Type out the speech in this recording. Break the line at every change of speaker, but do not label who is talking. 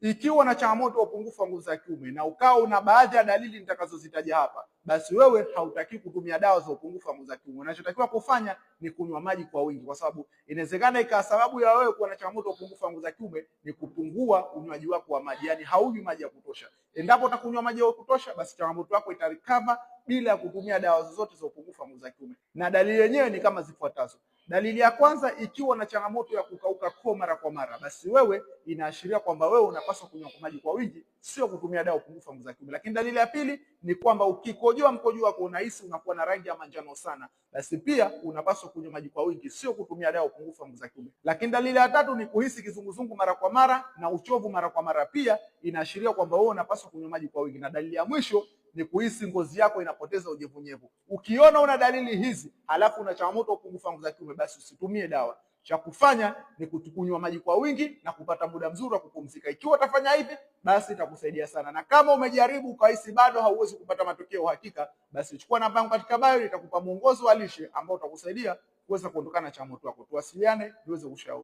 Ikiwa na changamoto ya upungufu wa nguvu za kiume na ukawa una baadhi ya dalili nitakazozitaja hapa, basi wewe hautaki kutumia dawa za upungufu wa nguvu za kiume. Unachotakiwa kufanya ni kunywa maji kwa wingi, kwa sababu inawezekana ikawa sababu ya wewe kuwa na changamoto ya upungufu wa nguvu za kiume ni kupungua unywaji wako wa maji, yaani haunywi maji ya kutosha. Endapo utakunywa maji ya kutosha, basi changamoto yako itarikava bila ya kutumia dawa zozote za upungufu wa nguvu za kiume, na dalili yenyewe ni kama zifuatazo. Dalili ya kwanza ikiwa na changamoto ya kukauka koo mara kwa mara, basi wewe inaashiria kwamba wewe unapaswa kunywa maji kwa wingi, sio kutumia dawa kupunguza nguvu za kiume. Lakini dalili ya pili ni kwamba ukikojoa mkojo wako unahisi unakuwa na rangi ya manjano sana, basi pia unapaswa kunywa maji kwa wingi, sio kutumia dawa kupunguza nguvu za kiume. Lakini dalili ya tatu ni kuhisi kizunguzungu mara kwa mara na uchovu mara kwa mara, pia inaashiria kwamba wewe unapaswa kunywa maji kwa wingi. Na dalili ya mwisho ni kuhisi ngozi yako inapoteza unyevunyevu. Ukiona una dalili hizi alafu una changamoto upungufu wa nguvu za kiume, basi usitumie dawa. Cha kufanya ni kutukunywa maji kwa wingi na kupata muda mzuri wa kupumzika. Ikiwa utafanya hivi, basi itakusaidia sana, na kama umejaribu ukahisi bado hauwezi kupata matokeo uhakika, basi chukua namba yangu katika bio, itakupa mwongozo wa lishe ambao utakusaidia kuweza kuondokana na changamoto yako. Tuwasiliane niweze kushauri.